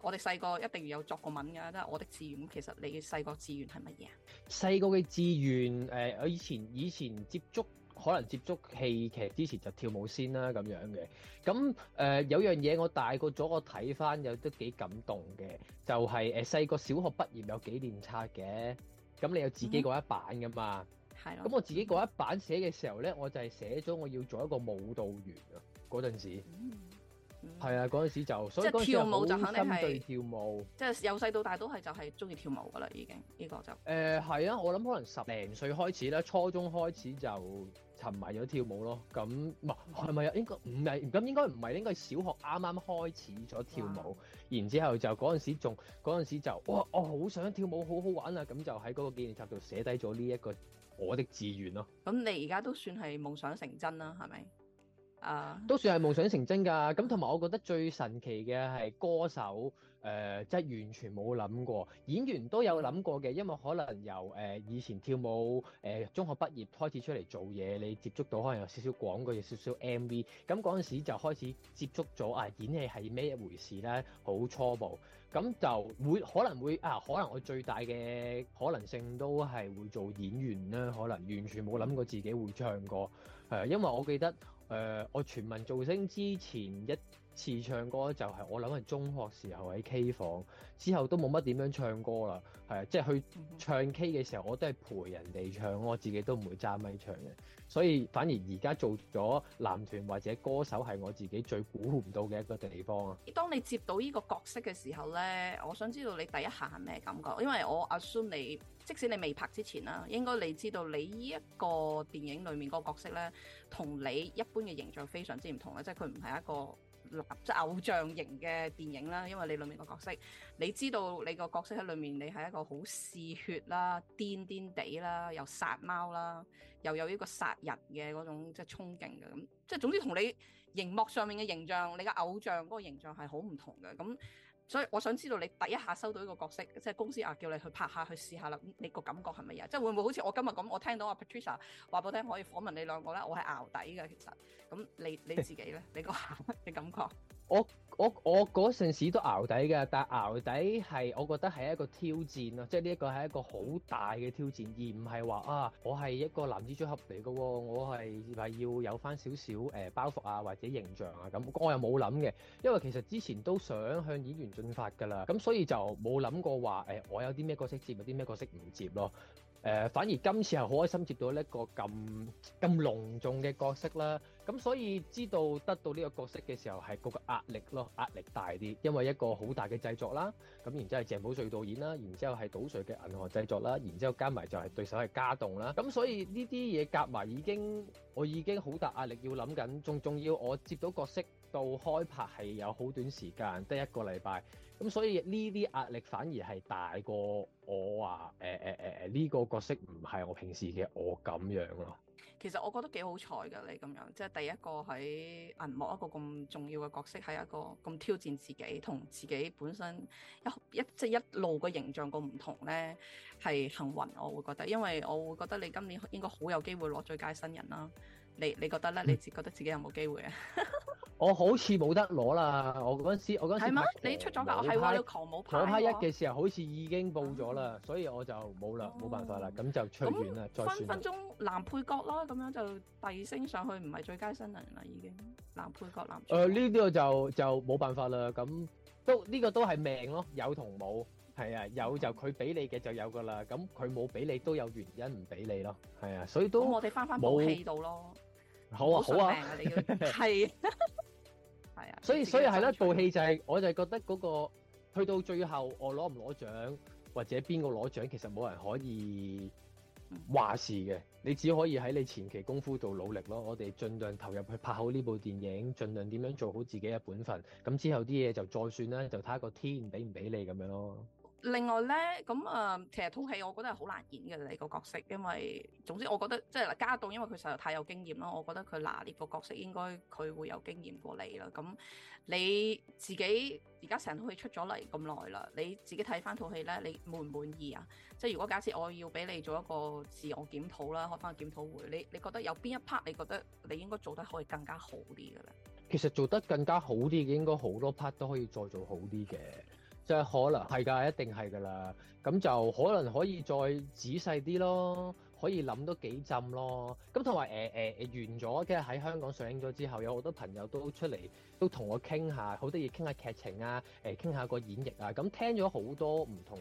我哋細個一定要有作過文㗎，即係我的志願。其實你嘅細個志願係乜嘢啊？細個嘅志願，誒、呃，我以前以前接觸。可能接觸戲劇之前就跳舞先啦，咁樣嘅。咁誒有樣嘢我大個咗，我睇返有都幾感動嘅，就係誒細個小學畢業有紀念冊嘅，咁你有自己嗰一版㗎嘛？係。咁我自己嗰一版寫嘅時候咧，我就係寫咗我要做一個舞蹈員啊，嗰陣時。係、嗯、啊，嗰陣時就，所以跳舞就肯定係對跳舞，即係、就是、由細到大都係就係中意跳舞噶啦，已經呢、這個就誒係、呃、啊，我諗可能十零歲開始啦，初中開始就沉迷咗跳舞咯。咁唔係咪？啊、嗯，應該唔係，咁應該唔係應該，應該小學啱啱開始咗跳舞，嘩然之後就嗰陣時仲嗰陣時就哇，我好想跳舞，好好玩啊！咁就喺嗰個紀念冊度寫低咗呢一個我的志願咯。咁你而家都算係夢想成真啦，係咪？啊，都算係夢想成真㗎。咁同埋，我覺得最神奇嘅係歌手，誒，即係完全冇諗過。演員都有諗過嘅，因為可能由誒以前跳舞，誒中學畢業開始出嚟做嘢，你接觸到可能有少少廣告，有少少 MV，咁嗰陣時就開始接觸咗啊演戲係咩一回事咧，好初步。咁就會可能會啊，可能我最大嘅可能性都係會做演員啦。可能完全冇諗過自己會唱歌，誒，因為我記得。誒，uh, 我全民造星之前一次唱歌就係我諗係中學時候喺 K 房，之後都冇乜點樣唱歌啦。係啊，即係去唱 K 嘅時候，我都係陪人哋唱，我自己都唔會揸咪唱嘅。所以反而而家做咗男團或者歌手，係我自己最估唔到嘅一個地方啊。當你接到呢個角色嘅時候咧，我想知道你第一下係咩感覺？因為我 assume 你即使你未拍之前啦，應該你知道你呢一個電影裡面嗰個角色咧，同你一般嘅形象非常之唔同咧，即係佢唔係一個。即偶像型嘅電影啦，因為你裏面個角色，你知道你個角色喺裏面，你係一個好嗜血啦、癲癲地啦、又殺貓啦，又有呢個殺人嘅嗰種即係衝勁嘅咁，即係總之同你熒幕上面嘅形象，你嘅偶像嗰個形象係好唔同嘅咁。所以我想知道你第一下收到呢個角色，即係公司啊叫你去拍下去試下啦。你個感覺係乜嘢？即係會唔會好似我今日咁？我聽到阿 Patricia 話俾我聽，可以訪問你兩個咧。我係淆底嘅，其實，咁你你自己咧， 你個個嘅感覺。我我我嗰陣時都熬底嘅，但係熬底係我覺得係一個挑戰咯，即係呢一個係一個好大嘅挑戰，而唔係話啊，我係一個男子組合嚟嘅喎，我係係要有翻少少誒包袱啊，或者形象啊咁，我又冇諗嘅，因為其實之前都想向演員進發㗎啦，咁所以就冇諗過話誒、呃，我有啲咩角色接，有啲咩角色唔接咯，誒、呃，反而今次係好開心接到一個咁咁隆重嘅角色啦。咁所以知道得到呢個角色嘅時候係個壓力咯，壓力大啲，因為一個好大嘅製作啦。咁然之後係鄭保瑞導演啦，然之後係杜 Sir 嘅銀河製作啦，然之後加埋就係對手係家棟啦。咁所以呢啲嘢夾埋已經，我已經好大壓力要諗緊，仲重要我接到角色到開拍係有好短時間，得一個禮拜。咁所以呢啲壓力反而係大過我話誒誒誒誒呢個角色唔係我平時嘅我咁樣咯、啊。其實我覺得幾好彩㗎，你咁樣，即係第一個喺銀幕一個咁重要嘅角色，係一個咁挑戰自己，同自己本身一一即係一,一路嘅形象個唔同呢，係幸運，我會覺得，因為我會覺得你今年應該好有機會攞最佳新人啦。你你覺得呢？你自覺得自己有冇機會啊？ 我好似冇得攞啦！我嗰陣時，我嗰陣時係嘛？你出咗架？係喎，你狂冇派喎！嗰批一嘅時候好似已經報咗啦，所以我就冇啦，冇辦法啦，咁就出完啦，再算啦。咁分分鐘男配角咯，咁樣就遞升上去，唔係最佳新人啦，已經男配角男。誒呢啲我就就冇辦法啦，咁都呢個都係命咯，有同冇係啊？有就佢俾你嘅就有㗎啦，咁佢冇俾你都有原因唔俾你咯，係啊，所以都我哋翻翻武器度咯，好啊，好啊，係。所以所以係咯，部戲就係、是、我就係覺得嗰、那個去到最後，我攞唔攞獎或者邊個攞獎，其實冇人可以話事嘅。你只可以喺你前期功夫度努力咯。我哋盡量投入去拍好呢部電影，盡量點樣做好自己嘅本分。咁之後啲嘢就再算啦，就睇下個天俾唔俾你咁樣咯。另外咧，咁啊，其實套戲我覺得係好難演嘅你個角色，因為總之我覺得即係嗱，家棟因為佢實在太有經驗啦，我覺得佢拿捏個角色應該佢會有經驗過你啦。咁你自己而家成套戲出咗嚟咁耐啦，你自己睇翻套戲咧，你滿唔滿意啊？即係如果假設我要俾你做一個自我檢討啦，開翻個檢討會，你你覺得有邊一 part 你覺得你應該做得可以更加好啲嘅咧？其實做得更加好啲嘅，應該好多 part 都可以再做好啲嘅。即係可能係㗎，一定係㗎啦。咁就可能可以再仔細啲咯，可以諗多幾陣咯。咁同埋誒誒誒完咗嘅喺香港上映咗之後，有好多朋友都出嚟都同我傾下，好多嘢傾下劇情啊，誒、呃、傾下個演繹啊。咁聽咗好多唔同，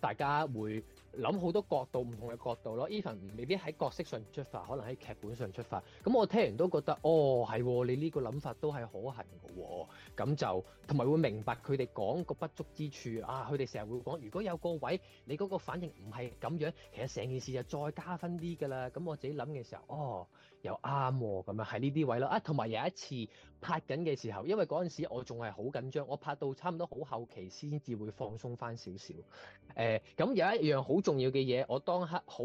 大家會。諗好多角度，唔同嘅角度咯。Even 未必喺角色上出發，可能喺劇本上出發。咁我聽人都覺得，哦，係你呢個諗法都係可行嘅。咁就同埋會明白佢哋講個不足之處啊。佢哋成日會講，如果有個位你嗰個反應唔係咁樣，其實成件事就再加分啲㗎啦。咁我自己諗嘅時候，哦，又啱咁樣，係呢啲位咯。啊，同埋有一次拍緊嘅時候，因為嗰陣時我仲係好緊張，我拍到差唔多好後期先至會放鬆翻少少。誒，咁有一樣好重要嘅嘢，我當刻好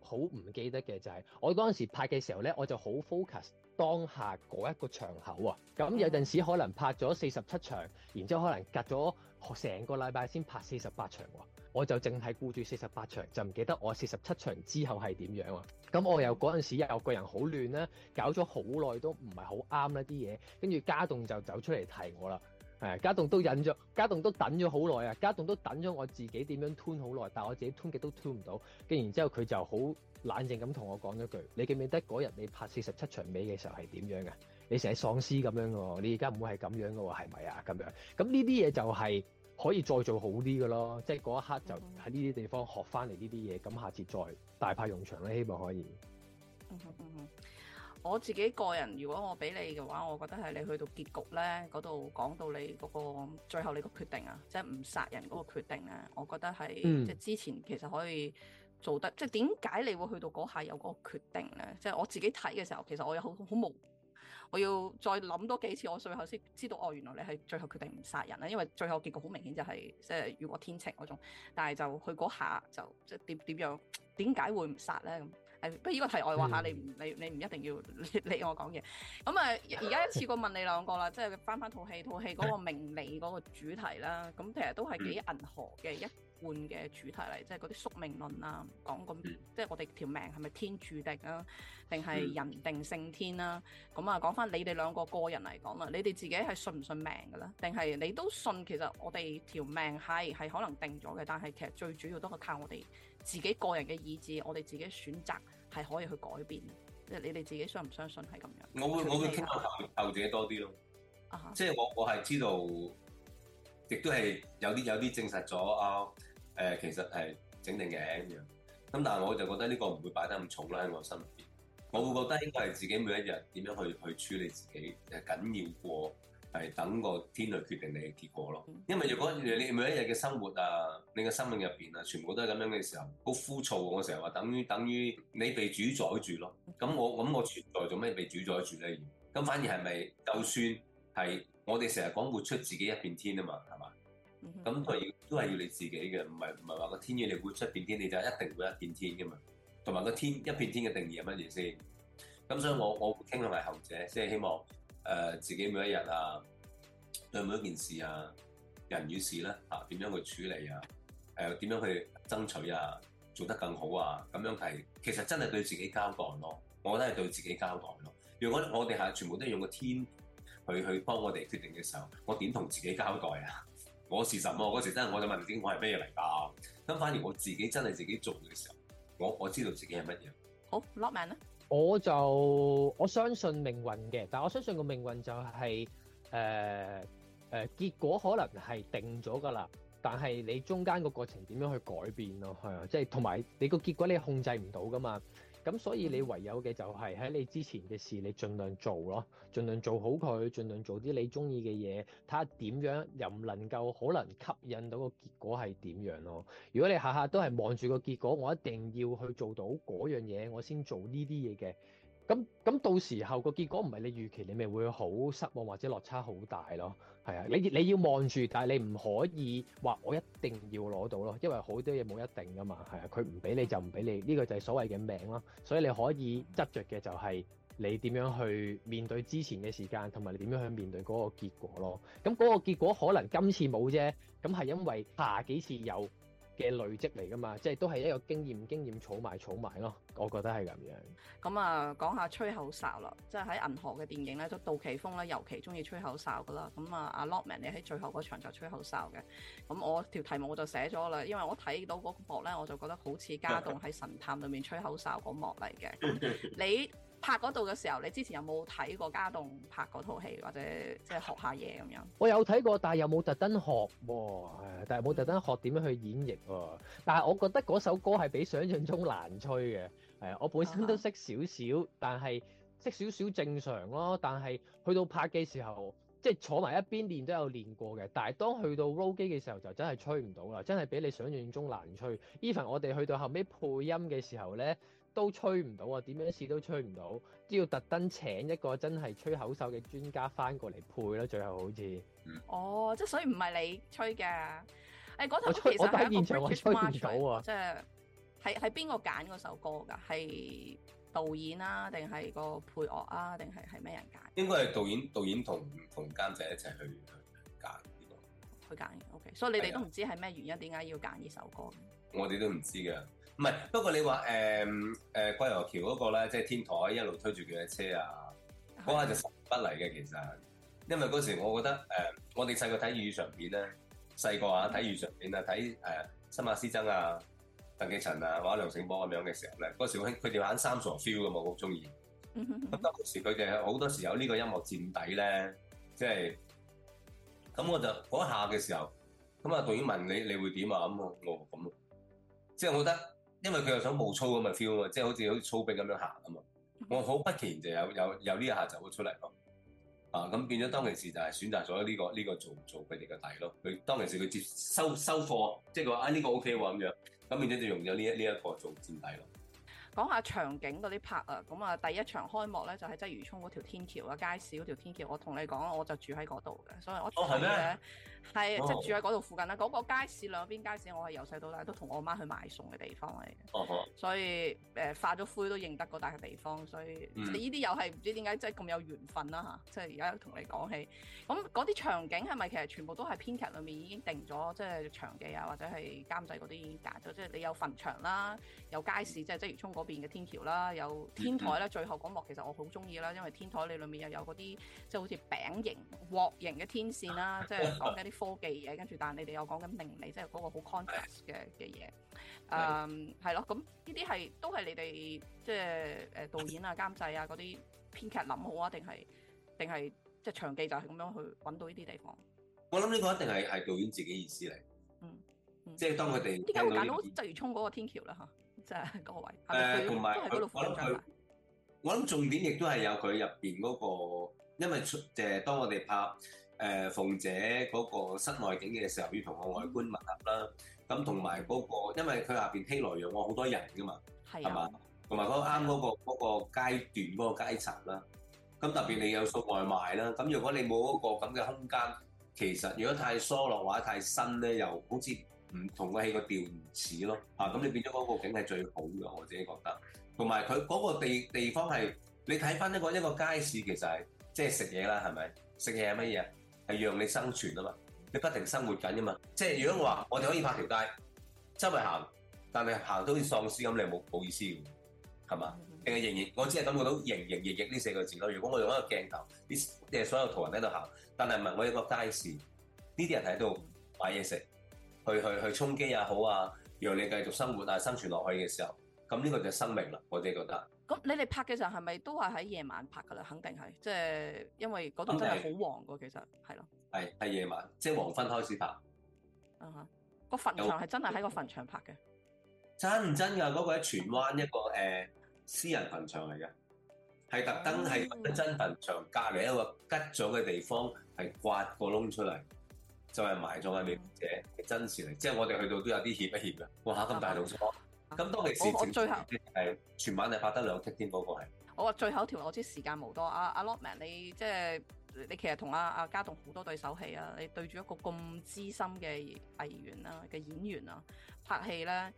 好唔記得嘅就係、是，我嗰陣時拍嘅時候咧，我就好 focus 當下嗰一個場口啊。咁有陣時可能拍咗四十七場，然之後可能隔咗成個禮拜先拍四十八場，啊，我就淨係顧住四十八場，就唔記得我四十七場之後係點樣啊。咁我又嗰陣時又個人好亂啦，搞咗好耐都唔係好啱一啲嘢，跟住家棟就走出嚟提我啦。誒，家棟都忍咗，家棟都等咗好耐啊！家棟都，都等咗、啊、我自己點樣吞好耐，但係我自己吞極都吞唔到，跟然之後佢就好冷靜咁同我講咗句：你記唔記得嗰日你拍四十七場尾嘅時候係點樣嘅？你成日喪屍咁樣嘅你而家唔會係咁樣嘅喎，係咪啊？咁樣，咁呢啲嘢就係可以再做好啲嘅咯，即係嗰一刻就喺呢啲地方學翻嚟呢啲嘢，咁下次再大派用場咧，希望可以。嗯我自己個人，如果我俾你嘅話，我覺得係你去到結局咧嗰度講到你嗰個最後你個決定啊，即係唔殺人嗰個決定咧，我覺得係、嗯、即係之前其實可以做得，即係點解你會去到嗰下有個決定咧？即、就、係、係、我自己睇嘅時候，其實我有好好無，我要再諗多幾次，我最後先知道哦，原來你係最後決定唔殺人咧，因為最後結局好明顯就係、係、即係雨過天晴嗰種，但係就去嗰下就即係點點樣點解會唔殺咧？不過呢個題外話下，你唔你你唔一定要理我講嘢。咁啊，而家一次過問你兩個啦， 即係翻翻套戲，套戲嗰個命理嗰個主題啦。咁其實都係幾銀河嘅一貫嘅主題嚟，即係嗰啲宿命論啦，講咁 即係我哋條命係咪天注定啊，定係人定勝天啦。咁啊，講翻你哋兩個個人嚟講啊，你哋自己係信唔信命㗎咧？定係你都信？其實我哋條命係係可能定咗嘅，但係其實最主要都係靠我哋。自己個人嘅意志，我哋自己選擇係可以去改變，即係你哋自己相唔相信係咁樣我？我會我會傾向求求自己多啲咯，uh huh. 即係我我係知道，亦都係有啲有啲證實咗啊。誒、呃，其實係整定嘅咁樣，咁但係我就覺得呢個唔會擺得咁重啦喺我心入邊。我會覺得應該係自己每一日點樣去去處理自己，係緊要過。係等個天去決定你嘅結果咯。因為如果你每一日嘅生活啊，你嘅生命入邊啊，全部都係咁樣嘅時候，好枯燥。我成日話等於等於你被主宰住咯。咁、嗯嗯、我咁我存在做咩被主宰住咧？咁、嗯、反而係咪就算係我哋成日講活出自己一片天啊嘛？係嘛？咁佢、嗯、要都係要你自己嘅，唔係唔係話個天要你活出一片天你就一定會一片天嘅嘛？同埋個天一片天嘅定義係乜嘢先？咁所以我我傾向係後者，即、就、係、是、希望。誒、呃、自己每一日啊，對每一件事啊，人與事咧、啊、嚇，點、啊、樣去處理啊？誒、呃、點樣去爭取啊？做得更好啊？咁樣係其實真係對自己交代咯。我覺得係對自己交代咯。如果我哋係全部都用個天去去幫我哋決定嘅時候，我點同自己交代啊？我係什麼？我時真係我就問唔清我係咩嚟噉。咁反而我自己真係自己做嘅時候，我我知道自己係乜嘢。好，Lokman 咧？我就我相信命運嘅，但係我相信個命運就係誒、誒結果可能係定咗㗎啦，但係你中間個過程點樣去改變咯。係啊，即係同埋你個結果你控制唔到㗎嘛。咁所以你唯有嘅就係喺你之前嘅事，你盡量做咯，盡量做好佢，盡量做啲你中意嘅嘢，睇下點樣，又唔能夠可能吸引到個結果係點樣咯。如果你下下都係望住個結果，我一定要去做到嗰樣嘢，我先做呢啲嘢嘅，咁咁到時候個結果唔係你預期，你咪會好失望或者落差好大咯。係啊，你你要望住，但係你唔可以話我一定要攞到咯，因為好多嘢冇一定噶嘛，係啊，佢唔俾你就唔俾你，呢個就係所謂嘅命咯。所以你可以執着嘅就係你點樣去面對之前嘅時間，同埋你點樣去面對嗰個結果咯。咁嗰個結果可能今次冇啫，咁係因為下幾次有。嘅累積嚟噶嘛，即係都係一個經驗，經驗儲埋儲埋咯，我覺得係咁樣。咁啊，講下吹口哨啦，即係喺銀河嘅電影咧，都杜琪峰咧尤其中意吹口哨噶啦。咁啊，阿 l o c m a n 你喺最後嗰場就吹口哨嘅。咁我條題目我就寫咗啦，因為我睇到嗰個幕咧，我就覺得好似家棟喺神探裏面吹口哨嗰幕嚟嘅。你。 拍嗰度嘅時候，你之前有冇睇過家棟拍嗰套戲，或者即係學下嘢咁樣？我有睇過，但係又冇特登學喎、啊，但係冇特登學點樣去演繹喎、啊。但係我覺得嗰首歌係比想像中難吹嘅。誒、哎，我本身都識少少，但係識少少正常咯。但係去到拍嘅時候，即係坐埋一邊練都有練過嘅。但係當去到 roll 機嘅時候，就真係吹唔到啦，真係比你想像中難吹。Even 我哋去到後尾配音嘅時候咧。都吹唔到啊！點樣試都吹唔到，只要特登請一個真係吹口哨嘅專家翻過嚟配咯。最後好似哦，嗯 oh，即係所以唔係你吹嘅，誒嗰頭其實喺一個 March，現場我吹唔到啊！即係係係邊個揀嗰首歌㗎？係導演啊，定係個配樂啊，定係係咩人揀？應該係導演，導演同同監製一齊去揀呢個，去揀 OK。所以你哋都唔知係咩原因，點解的要揀呢首歌？我哋都唔知㗎。唔係，不過你話誒誒桂河橋嗰個咧，即係天台一路推住佢嘅車啊，嗰下、啊、就不離嘅其實。因為嗰時我覺得誒、呃，我哋細個睇粵語長片咧，細個啊睇粵語長片啊睇誒新馬師曾啊、鄧寄塵啊、或者梁醒波咁樣嘅時候咧，嗰時佢哋玩三傻 feel 嘅嘛，我好中意。嗯哼，哼。咁當時佢哋好多時有呢個音樂墊底咧，即係咁我就嗰下嘅時候，咁啊導演問你你，你會點啊？咁我咁咯，即係我覺得。因為佢又想冇粗咁嘅 feel 啊嘛，即、就、係、是、好似好似操兵咁樣行啊嘛。嗯、我好不期然就有有有呢一下走咗出嚟咯。啊咁變咗當其時就係選擇咗呢、這個呢、這個做做佢哋嘅底咯。佢當其時佢接收收貨，即係佢話啊呢、這個 O K 喎咁樣，咁變咗就用咗呢一呢、嗯、一個做墊底咯。講下場景嗰啲拍啊。咁啊第一場開幕咧就係鰂魚涌嗰條天橋啊，街市嗰條天橋，我同你講，我就住喺嗰度嘅，所以我哦係咩？係，即係是、oh, 住喺嗰度附近啦。嗰、那個街市兩邊街市，我係由細到大都同我媽去買餸嘅地方嚟嘅。Oh, oh. 所以誒、呃，化咗灰都認得嗰笪嘅地方。所以你呢啲又係唔知點解，即係咁有緣分啦、啊、嚇。即係而家同你講起，咁嗰啲場景係咪其實全部都係編劇裏面已經定咗，即、就、係、是、場記啊，或者係監製嗰啲已經揀咗。即、就、係、是、你有墳場啦、啊，有街市，即係鰂魚涌嗰邊嘅天橋啦、啊，有天台啦。Mm. 最後嗰幕其實我好中意啦，因為天台你裏面又有嗰啲即係好似餅形、鑊形嘅天線啦、啊，即、就、係、是、講緊啲。科技嘢，跟住，但係你哋又講緊命理，即係嗰個好 contrast 嘅嘅嘢，誒係咯。咁呢啲係都係你哋即係誒導演啊、監製啊嗰啲編劇諗好啊，定係定係即係長記就係咁樣去揾到呢啲地方？我諗呢個一定係係導演自己意思嚟、嗯。嗯，即係當佢哋，點解會揀到濟源湧嗰個天橋啦，嚇，即係嗰個位。誒，同埋我諗重點亦都係有佢入邊嗰個、嗯，因為誒當我哋拍。誒、呃、鳳姐嗰、那個室內景嘅時候，要同個外觀吻合啦。咁同埋嗰個，因為佢下邊熙來攘往，我好多人㗎嘛，係嘛是、啊？同埋嗰啱嗰個嗰階段嗰、那個階層啦。咁特別你有送外賣啦。咁如果你冇嗰個咁嘅空間，其實如果太疏落話，或者太新咧，又好似唔同個氣個調唔似咯。嗯、啊，咁你變咗嗰個景係最好嘅，我自己覺得。同埋佢嗰個地地方係你睇返一個一個街市，其實係即係食嘢啦，係咪食嘢乜嘢？係讓你生存啊嘛，你不停生活緊啊嘛，即係如果話我哋可以拍條街周圍行，但係行到好似喪屍咁，你冇冇意思嘅，係嘛？定係、嗯、仍然，我只係感覺到營營役役呢四個字咯。如果我用一個鏡頭，啲誒所有途人喺度行，但係唔係我一個街市，呢啲人喺度買嘢食，去去去衝擊也好啊，讓你繼續生活但係生存落去嘅時候，咁呢個就係生命啦，我自己覺得。咁你哋拍嘅時候係咪都係喺夜晚拍噶啦？肯定係，即係因為嗰度真係好黃噶，其實係咯，係係的夜晚，即係黃昏開始拍。啊哈、嗯！個墳場係真係喺個墳場拍嘅，真唔真噶，嗰、那個喺荃灣一個誒、呃、私人墳場嚟嘅，係特登喺真墳場隔籬一個吉咗嘅地方，係刮個窿出嚟，就係、是、埋咗喺烈士，係、嗯、真事嚟。即係我哋去到都有啲怯不怯噶，哇！咁大土咁多其時，我最後係全晚你拍得兩踢添，嗰、哦、個係我話最後一條，我知時間冇多。阿、啊、阿、啊、Lokman，你即係你其實同阿阿家棟好多對手戲啊。你對住一個咁資深嘅藝員啊，嘅演員啊拍戲咧，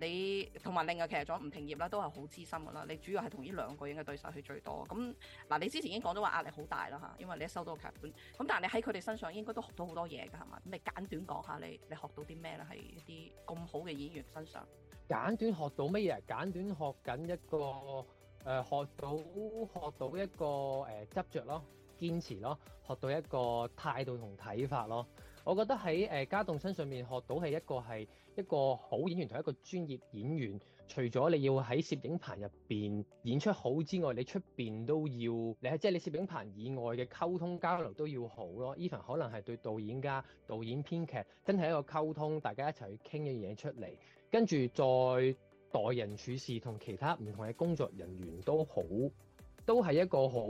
你同埋另外其實仲有吳廷業啦，都係好資深噶啦。你主要係同呢兩個人嘅對手戲最多咁嗱、啊。你之前已經講咗話壓力好大啦嚇，因為你一收到一個劇本咁，但係你喺佢哋身上應該都學到好多嘢噶係嘛？咁你簡短講下你你學到啲咩咧？係一啲咁好嘅演員身上。簡短學到乜嘢？簡短學緊一個誒，學到學到一個誒執着咯，堅持咯，學到一個態度同睇法咯。我覺得喺誒家棟身上面學到係一個係一個好演員同一個專業演員，除咗你要喺攝影棚入邊演出好之外，你出邊都要你係即係你攝影棚以外嘅溝通交流都要好咯。even 可能係對導演家、導演編劇真係一個溝通，大家一齊去傾嘅嘢出嚟。跟住再待人處事同其他唔同嘅工作人員都好，都係一個好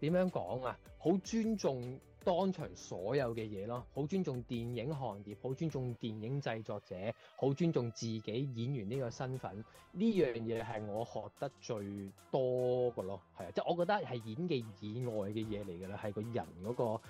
點樣講啊？好尊重當場所有嘅嘢咯，好尊重電影行業，好尊重電影製作者，好尊重自己演員呢個身份。呢樣嘢係我學得最多嘅咯，係啊，即係我覺得係演技以外嘅嘢嚟㗎啦，係個人嗰個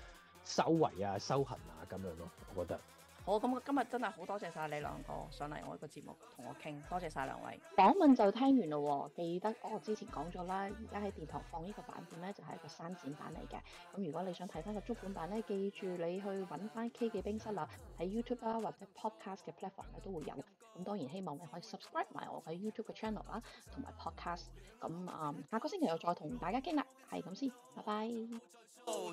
修為啊、修行啊咁樣咯，我覺得。我咁，今日真係好多謝晒你兩個上嚟我呢個節目同我傾，多謝晒兩位。訪問就聽完咯喎，記得我之前講咗啦，而家喺電台放呢個版本咧，就係一個刪剪版嚟嘅。咁如果你想睇翻個足本版咧，記住你去揾翻 K 記冰室啊，喺 YouTube 啦或者 Podcast 嘅 platform 都會有。咁當然希望你可以 subscribe 埋我喺 YouTube 嘅 channel 啦、啊，同埋 Podcast。咁啊、嗯，下個星期又再同大家傾啦，係咁先，拜拜。哦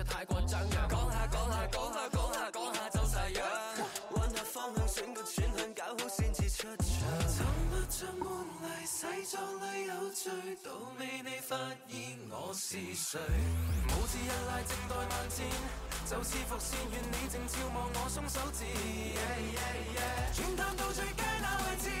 製作裏有罪，都未你發現我是誰？拇指一拉，靜待萬箭，就似伏線。願你正眺望我鬆手指。轉探到最佳那位置。